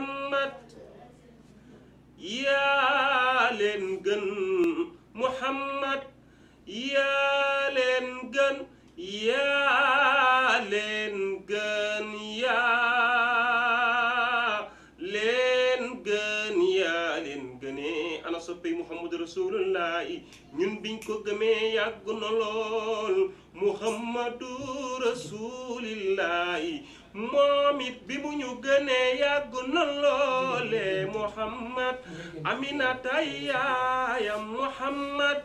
muhammad yaa leen gën muhammad yaa leen gën yaa leen gën yaa leen gën yaa leen gënee ana soppey muhammad rasulullahi ñun biñ ko gëmee yàgg na lool muhammadu rasulillahi moom it bi mu ñu gënee yàgg na loole Muhammad Aminata yaayam Muhammad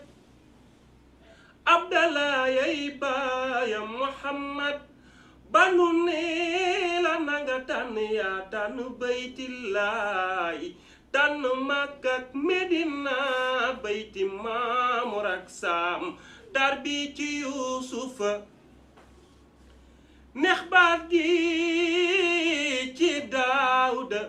Abdallah yay baayam Muhammad banu nee la nanga tànn yaa tànn baytillaay tànn Makka Medina bayti Maamur ak Saam tarbi ci Yuusufa neex baat gi ci daawuda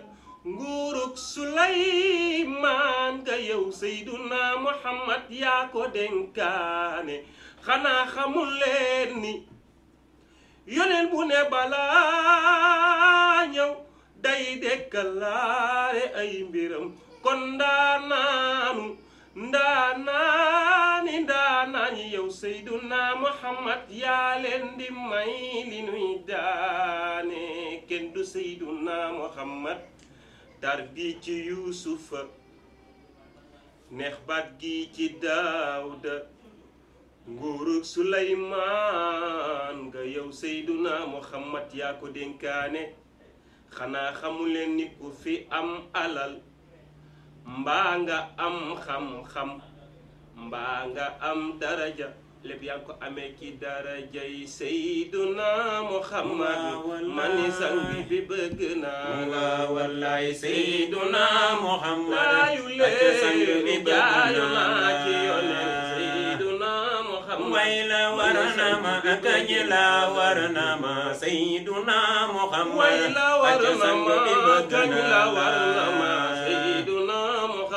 nguurug suleymaan ga yow seyduna muhammad yaa ko denkaane xanaa xamul leen ni yoneen bu ne balaa ñëw day dekkalaare ay mbiram kon ndaa naanu ndaa naa yow Seyduna Muhammad yaa leen di may li nuy daane kenn du Seyduna Muhammad tar bi ci Yuusufa neex baat gi ci Daawda nguurug Suleymaan nga yow Seyduna Muhammad yaa ko dénkaane xanaa xamuleen ni ku fi am alal mbaa nga am xam-xam mbaa nga am daraja lépp yaa ngi darajay Seyduna Muhammad mani bi bëgg naa la wallaay Seyduna Muhammad ak sang bi bëgg la war na Muhammad way la war na ma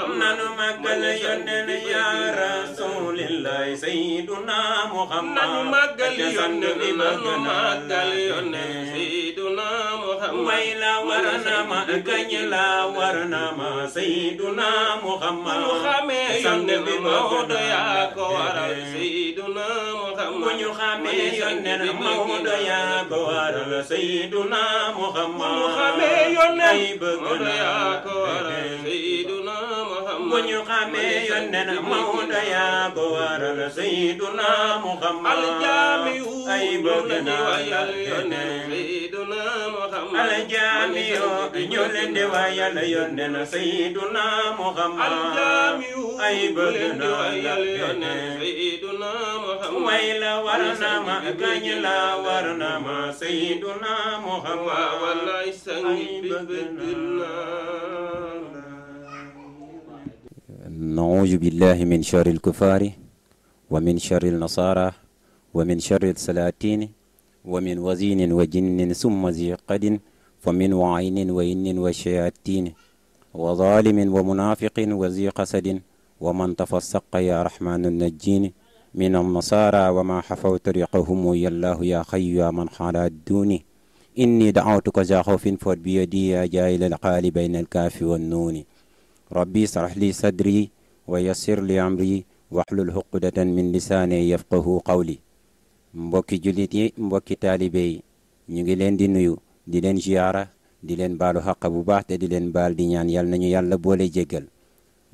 jóg nanu màggal yónneen yaa rasulillahi sayyiduna Muhammad nanu màggal yónneen nanu màggal yónneen sayyiduna Muhammad way la war na ma gañ la war na ma sayyiduna Muhammad nu xamee yónneen bi Mawdo yaa ko waral sayyiduna Muhammad ñu xamee yónneen Mawdo yaa ko waral sayyiduna Muhammad nu xamee yónneen Mawdo yaa ko waral sayyiduna jaami yonnen mawda yaa ko waral sayyiduna muhammad ay bëgg naa yal yonnen sayyiduna muhammad al jaami yo ñu leen di waayal yonnen sayyiduna muhammad ay bëgg naa yal yonnen sayyiduna muhammad way la war na ma gañ la war na ma sayyiduna muhammad wallaay sangi bi bëgg naa نعوذ بالله من شر الكفار ومن شر النصارى ومن شر السلاطين ومن وزين وجن ثم ذي قد فمن وعين وإن وشياطين وظالم ومنافق وذي قسد ومن تفسق يا رحمن النجين من النصارى وما حفوت طريقهم يا الله يا خي يا من خال الدوني إني دعوتك ذا خوف فود بيدي يا جاهل القال بين الكاف والنون ربي اشرح لي صدري wa yassir li amri waxlul xuqudatan min lisaani yafqahu qawli mbokki jullit yi mbokki taalibe yi ñu ngi leen di nuyu di leen ziyaara di leen baalu xaq bu baax te di leen baal di ñaan yal nañu yàlla boole jéggal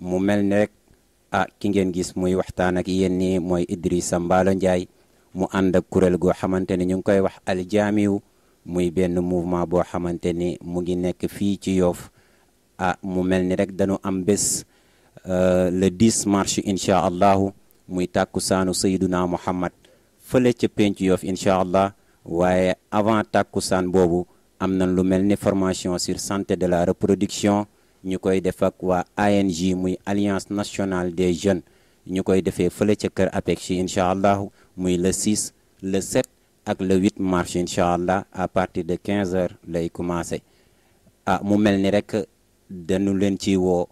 mu mel ni rek a ki ngeen gis muy waxtaan ak yéen nii mooy Idrissa Mbaalo Ndiaye mu ànd ak kuréel goo xamante ni ñu ngi koy wax aljaamiwu muy benn mouvement boo xamante ni mu ngi nekk fii ci yoof a mu mel ni rek dañu am bés Euh, le 10 mars incha allahu muy tàkkusaanu sayduna muhammad fële ca penc yoof incha allah waaye avant tàkkusaan boobu am na lu mel ni formation sur santé de la reproduction ñu koy def ak waa ANJ muy alliance nationale des jeunes ñu koy defee fële ca kër APEX allahu muy le 6 le 7 ak le 8 mars incha allah à partir de 15 heures lay commencé ah mu mel ni rek dañu leen ci woo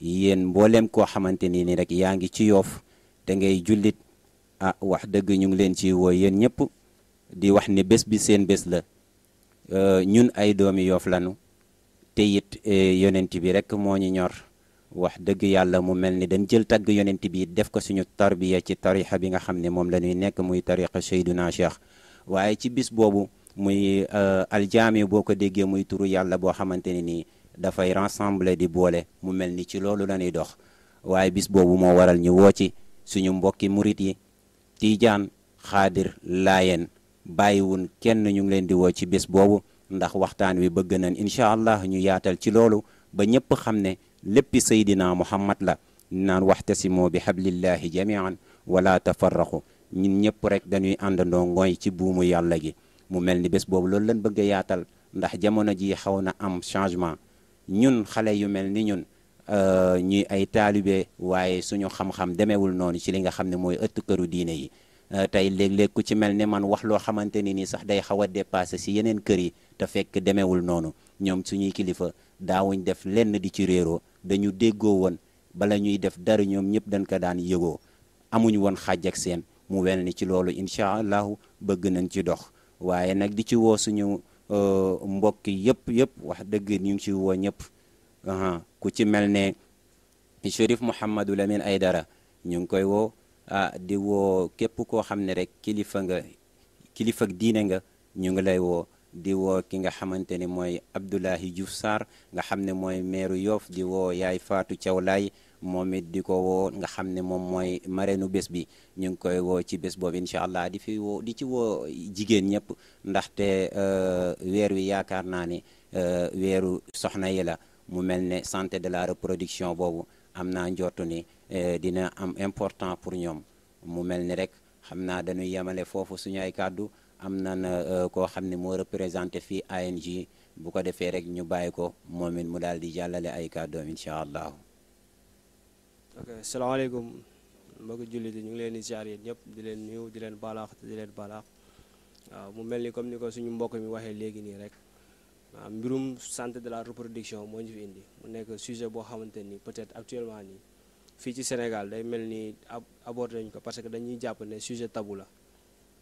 yéen mbooleem koo xamante ni ni rek yaa ngi ci yoof te ngay jullit ah wax dëgg ñu ngi leen ci woo yéen ñëpp di wax ni bés bi seen bés la euh, ñun ay doomi yoof lanu te it eh, yonent bi rek moo ñu ñor wax dëgg yàlla mu mel ni dañ jël tagg yonent bi def ko suñu tarbiya ci tarixa bi nga xam ne moom la nekk muy tarixa Seydina Cheikh waaye ci bis boobu muy euh, aljaami boo ko déggee muy turu yàlla boo xamante ne nii dafay rassemble di bolé mu melni ci lolu lañuy dox waye bis bobu mo waral ñu wo ci suñu mbokki murit yi tiijaan khadir layen bayiwun kenn ñu ngi leen di wo ci bis bobu ndax waxtaan wi bëgg nañ inshallah ñu yaatal ci lolu ba ñëpp xamné lepp sayidina muhammad la nan waxtasimoo bi hablillahi jamian wala tafarraqu ñun ñëpp rek dañuy andando ngoy ci buumu yàlla gi mu melni bés bobu loolu lañ bëgg yaatal ndax jamono ji xawna am changement ñun xale yu mel ni ñun euh, ñu ay taalibee waaye suñu xam-xam demeewul noonu ci li nga xam ne mooy ëtt këru diine yi euh, tey léeg-léeg ku ci mel ne man wax loo xamante ni nii sax day xaw a dépassé si yeneen kër yi te fekk demeewul noonu ñoom suñuy kilifa daawuñ def lenn di ci réeroo dañu déggoo woon bala ñuy def dara ñoom ñëpp dañ ko daan yëgoo amuñ woon xàjj ak seen mu wel ni ci loolu incha allahu bëgg nañ ci dox waaye nag di ci woo suñu Euh, mbokk yëpp yëpp wax dëgg ñu si woo ñëpp ku ci mel ne Chérif Mouhamadou ay dara ñu ngi koy woo ah di woo képp koo xam ne rek kilifa nga kilifa diine nga ñu ngi lay woo di woo ki nga xamante ni mooy Abdoulahi Diouf Sarr nga xam ne mooy meeru Yoff di woo Yaay Fatou Thiaw lay moom it di ko woo nga xam ne moom mooy mareenu bés bi ñu ngi koy woo ci bés boobu incha allah di fi woo di ci woo jigéen ñëpp ndaxte euh, weer wi yaakaar naa ne euh, weeru soxna yi la mu mel ne santé de la reproduction boobu am naa njortu ni euh, dina am important pour ñoom mu mel ni rek xam naa dañuy yemale foofu suñu ay kàddu am na nan koo xam ne moo représenté fii ANG bu ko defee rek ñu bàyyi ko moom it mu daal di jàllale ay kàddoom incha allah. ok salaamaaleykum mbokki jullit yi ñu ngi leen di ziar ñëpp di leen nuyu di leen baalaax di leen baalaax waaw mu mel ni comme ni ko suñu mbokk mi waxee léegi nii rek waaw mbirum santé de la reproduction moo ñu fi indi mu nekk sujet boo xamante ni peut-être actuellement nii fii ci Sénégal day mel ni abordé nañu ko parce que dañuy jàpp ne sujet tabou la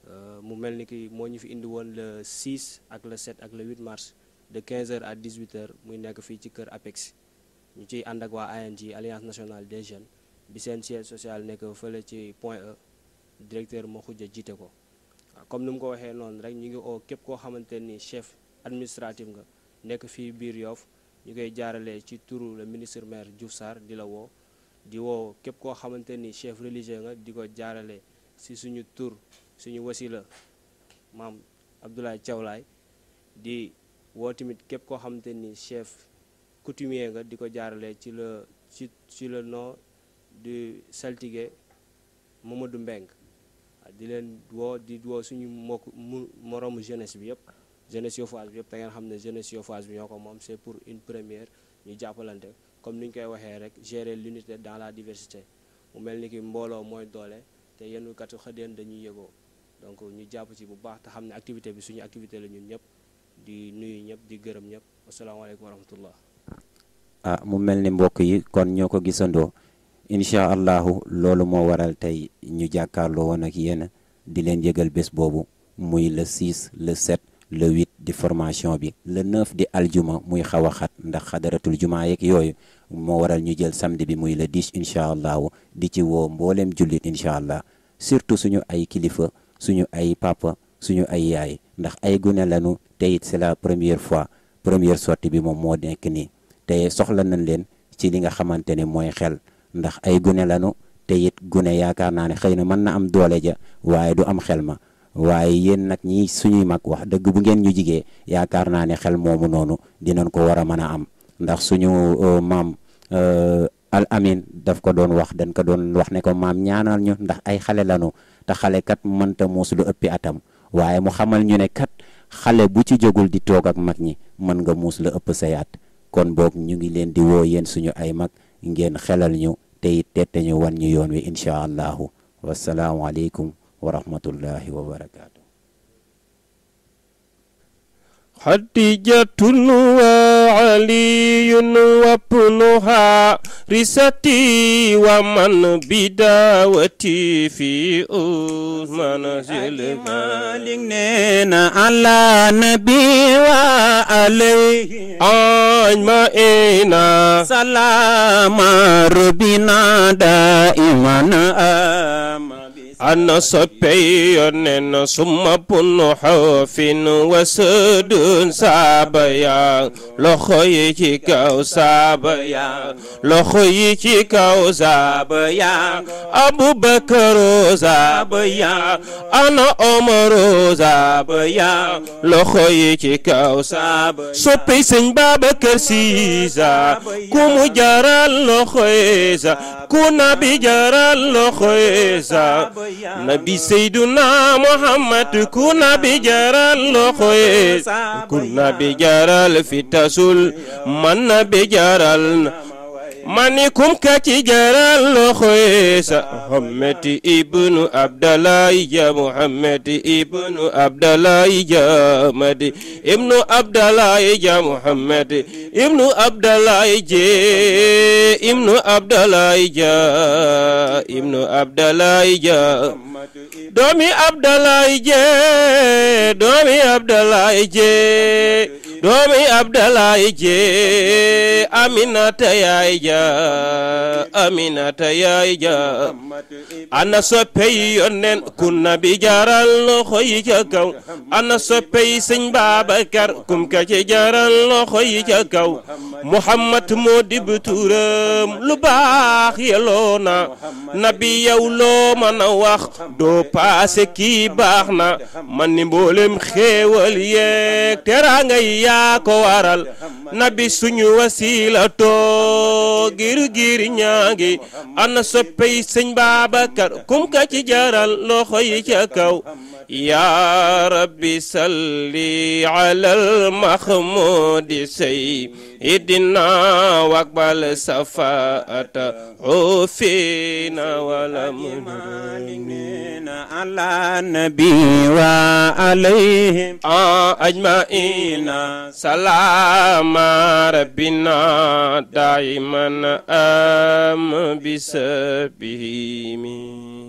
euh, mu mel ni ki moo ñu fi indi woon le 6 ak le 7 ak le 8 mars de 15 heures à 18 heures muy nekk fii ci kër APEX. ñu ciy ànd ak waa ANJ alliance nationale des jeunes bi seen siège social nekk fële ci point E directeur moo xujja jiite ko comme ni mu ko waxee noonu rek ñu ngi oo képp koo xamante ni chef administratif nga nekk fii biir yoof ñu koy jaarale ci turu la ministre maire Diouf saar di la woo di woo képp koo xamante ni chef religieux nga di ko jaarale si suñu tur suñu wasila maam Abdoulaye Thiaw di woo tamit képp koo xamante ni chef coutumier nga di ko jaarale ci la ci ci le nom du saltige du Mbeng ah, di leen woo di woo suñu mbokk mu moroomu jeunesse bi yëpp jeunesse Yofaas bi yëpp te xam ne jeunesse Yofaas bi ñoo ko moom c'est pour une première ñu jàppalante comme ni ñu koy waxee rek gérer l'unité dans la diversité mu mel ni ki mbooloo mooy doole te yenn katu xëddeen dañuy yëgoo donc ñu jàpp ci bu baax te xam ne activité bi suñu activité la ñun ñëpp di nuyu ñëpp di gërëm ñëpp asalaamaaleykum wa ah mu mel ni mbokk yi kon ñoo ko gisandoo incha allahu loolu moo waral tey ñu jàkkaarloo woon ak yéen di leen yëgal bés boobu muy le 6 le 7 le 8 di formation bi le 9 di aljuma muy xaw a xat ndax xadaratul juma yeeg yooyu moo waral ñu jël samedi bi muy le 10 incha allahu di ci woo mbooleem jullit incha allah surtout suñu ay kilifa suñu ay papa suñu ay yaay ndax ay gune lañu te it c'est la première fois première sortie bi moom moo nekk nii. te soxla nañ leen ci li nga xamantene ne xel ndax ay gune lañu te yit gune yaakar naa ne xëy na na am doole ja waye du am xel ma waye yeen nak ñi suñuy mag wax deug bu ngeen ñu jigee yaakar naa ne xel moomu noonu dinañ ko wara mëna am ndax suñu euh, mam euh, al amin daf ko doon wax dañ ko doon wax ne ko maam ñaanal ñu ndax ay xalé lañu te xalé kat mënta muus lu uppi atam waye mu xamal ñu ne kat xalé bu ci jogul di tok ak mag ñi mën nga muus la upp sayat kon boog ñu ngi leen di woo yéen suñu ay mag ngeen xelal ñu te it tette ñu wan ñu yoon wi incha allahu wasalaamualeykum wa rahmatullahi wa barakaatu. علي وابنها رستي ومن بداوتي في منزل مالك نينا على نبي وعليه أجمعين سلام ربنا دائما آمين ana soppey yonen summa punu xawfin wasudun saaba ya loxo yi ci kaw saaba ya loxo yi ci kaw saaba ya abubakar saaba ya ana omar saaba ya loxo yi ci kaw saaba ya soppey sëñ Babakar Si sa ku mu jaral loxo yi sa ku nabi jaral loxo yi sa nabi seyduna muhammad ku nabi jaral loxo ye ku nabi jaral fitasul man nabi jaral manikum ka ci jaral loxoy sa Muhammad ibnu Abdalaay ja Muhammad ibnu Abdalaay ja Muhammad ibnu Abdalaay ja Muhammad ibnu ja ibnu Abdalaay ja doomi Abdalaay je doomi Abdalaay je doomi Abdalaay jee Aminata yaay ja Aminata yaay ja ana soppe yi yónneen kun na bi loxo yi ca kaw ana soppe yi sëñ Babacar kum ci jaral loxo yi ca kaw Muhammad moo dib turam lu baax yelloo na nabi yow loo mën a wax doo paase kii baax na man ni mboolem xéewal yeeg teraanga yi yaa ko waral nabi suñu wasiilatoo gir gir ñaangi ana soppey sëñ Babacar kum ci jaral loxo yi ca kaw يا ربي صلي على المخمود سيدنا واقبل صفاءته فينا ولم على النبي وعليهم آه، أجمعين سلام ربنا دائما أم بسبهم